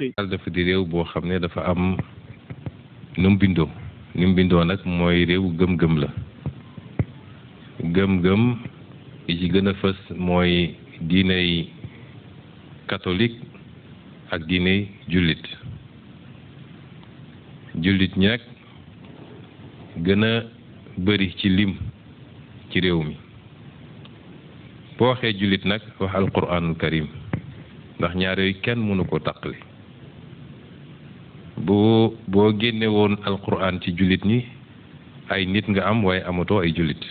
mbokk yi. dafa di réew boo xam ne dafa am nu mu nag mooy réew gëm-gëm la gëm-gëm yi ci gën a fës mooy diiney catholique ak diiney jullit jullit ñi nag gën a bëri ci lim ci réew mi boo waxee jullit nag wax alquranul karim ndax ñaar kenn mënu ko taqali bo génne woon alquran ci julit ni ay nit nga am way amoto ay julit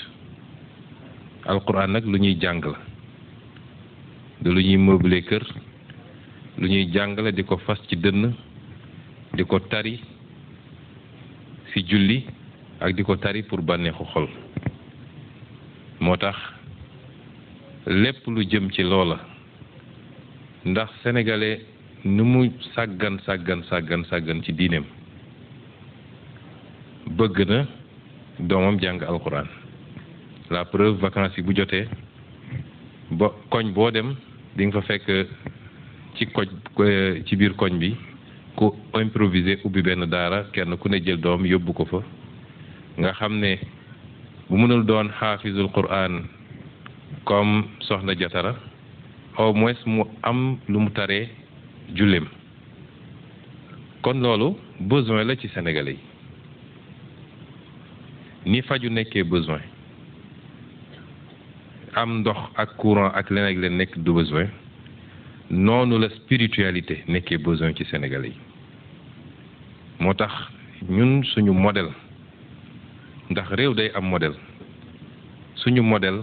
alquran nak lu ñuy jàng la lu ñuy meublé kër luñuy ñuy fas ci dënn diko tari si julli ak diko tari pour ko xol motax lepp lu jëm ci lola ndax sénégalais numu saggan saggan saggan saggan ci dinem bëgg na doomam jàng alxuraan la preuve vacances yi bu jotee ba koñ boo dem di nga fa fekk ci koj ci biir koñ bi ku improviser ubbi benn daara kenn ku ne jël doom yóbbu ko fa nga xam ne bu mënul doon xaafizul quran comme soxna jatara au moins mu am lu mu taree julleem kon loolu besoin la ci sénégalais yi ni faju nekkee besoin am ndox courant ak spiritualité. ak leen besoin la spiritualité nekkee besoin ci Sénégalais yi moo nous ñun suñu modèle ndax day am modèle suñu modèle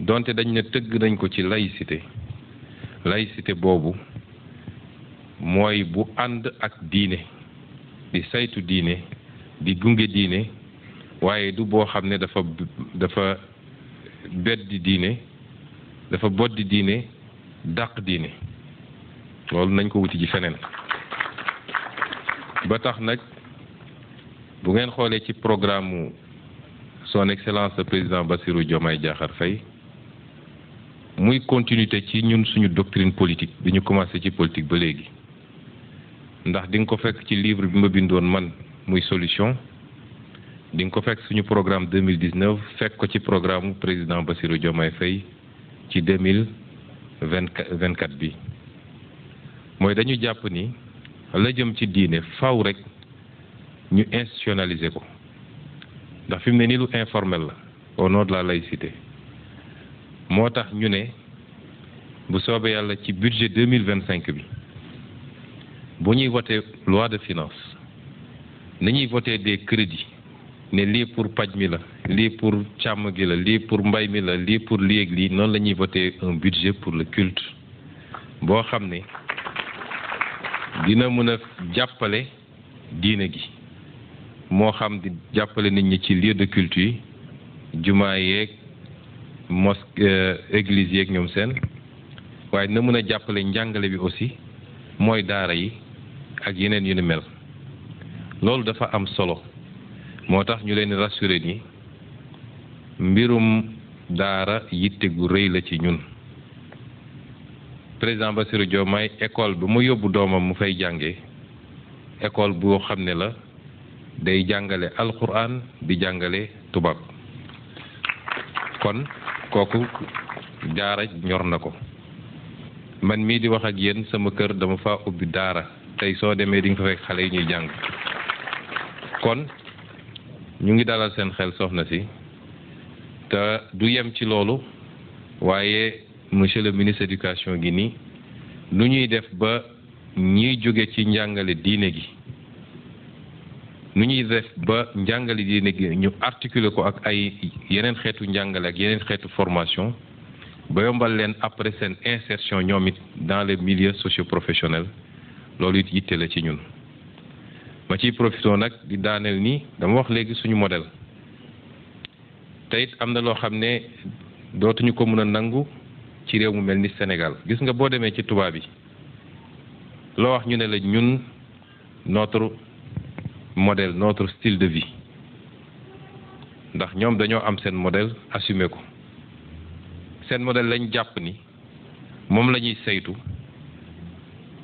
donte dañ ne tëgg nañ ko ci laïcité laïcité bu ak di saytu di waaye du boo xam ne dafa dafa beddi diine dafa di diine dàq diine loolu nañ ko wuti ji feneen ba tax nag bu ngeen xoolee ci programme mu son excellence le président Bassirou Diomaye Diakhar fay muy continuité ci ñun suñu doctrine politique bi ñu commencé ci politique ba léegi ndax di nga ko fekk ci livre bi ma bindoon man muy solution di nga ko fekk suñu programme 2019 fekk ko ci programme président Bassirou Diomaye Faye ci 2024 bi mooy dañu jàpp ni la jëm ci diine faw rek ñu institutionnaliser ko ndax fi mu ne nii lu informel la au nom de la moo tax ñu ne bu soobee yàlla ci budget 2025 bi bu ñuy voté loi de finance ñuy voté des crédit ne lii pour paj mi la lii pour càmm gi la lii pour mbay mi la lii pour lii lii noonu la ñuy voté un budget pour le culte boo xam ne dina mën a jàppale diine gi moo xam di jàppale nit ñi ci liir de culte yi jumaa yeeg mosquée euh, église yeeg ñoom seen waaye na mën a jàppale njàngale bi aussi mooy daara yi ak yeneen yu ni mel loolu dafa am solo moo tax ñu leen rassuré ni mbirum daara yitte gu rëy la ci ñun président ba Bassirou Diomaye école bi mu yóbbu doomam mu fay jànge école boo xam ne la day jàngale alquran bi jàngale tubaab kon kooku daara ñor na ko man mii di wax ak yéen sama kër dama fa ubbi daara tey soo demee di nga fa fekk xale yi ñuy jàng kon ñu ngi dalal seen xel soxna si te du yem ci loolu waaye monsieur le ministre éducation gi nii lu ñuy def ba ñiy jóge ci njàngale diine gi nu ñuy def ba njàngale diine gi ñu articuler ko ak ay yeneen xeetu njàngale ak yeneen xeetu formation ba yombal leen après seen insertion ñoom it dans les milieux socioprofessionnels loolu it yitte la ci ñun ma ciy profité nag di daaneel ni dama wax léegi suñu modèle te am na loo xam ne dootuñu ko mën a nangu ci réew mu mel ni Sénégal gis nga boo demee ci tubaab yi loo wax ñu ne la ñun notre modèle notre style de vie ndax ñoom dañoo am seen modèle assumé ko seen modèle lañ jàpp ni moom la ñuy saytu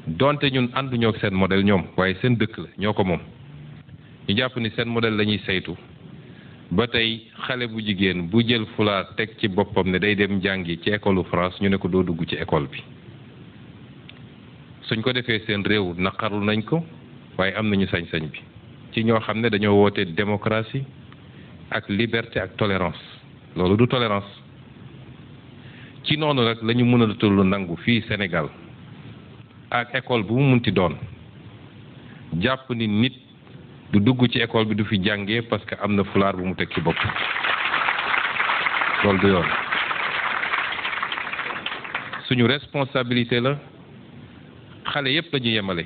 donte ñun ànduñoo ak seen model ñoom waaye seen dëkk la ñoo ko moom ñu jàpp ni seen model lañuy saytu ba tey xale bu jigéen bu jël fulaa teg ci boppam ne day dem jàngi ci école France ñu ne ko doo dugg ci ecole bi suñ ko defee seen réew naqarlu nañ ko waaye am nañu sañ-sañ bi ci ñoo xam ne dañoo woote démocratie ak liberté ak tolérance loolu du tolérance ci noonu rek lañu ñu mën a lu nangu fii Sénégal ak école bu mu munti doon jàpp ni nit du dugg ci école bi du fi jàngee parce que am na fulaar bu mu teg ci bopp loolu du yoon suñu responsabilité la xale yépp la ñu yemale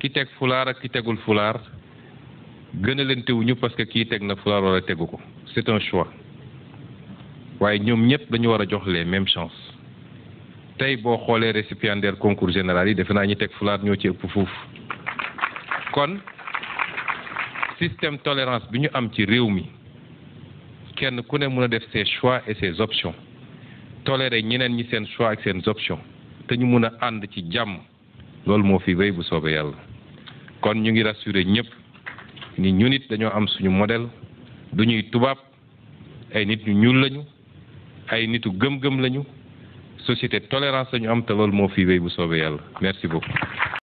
ki teg fulaar ak ki tegul fulaar gën wuñu parce que kii teg na fulaar wala tegu ko c'est un choix waaye ñoom ñépp dañu war a jox les mêmes chances tey boo xoolee récipiendaire concours général yi defe naa ñi teg fulaat ñoo ci ëpp fuuf kon système tolérance bi ñu am ci réew mi kenn ku ne mën a def ses choix et ses options tolérer ñeneen ñi seen choix ak seen options te ñu mën a ànd ci jàmm loolu moo fi wéy bu soobee yàlla kon ñu ngi rassurer ñëpp ni ñu it dañoo am suñu modèle du ñuy tubaab ay nit ñu ñuul lañu ay nitu gëm-gëm lañu. société tolérance ñu am te loolu fi wéy merci beaucoup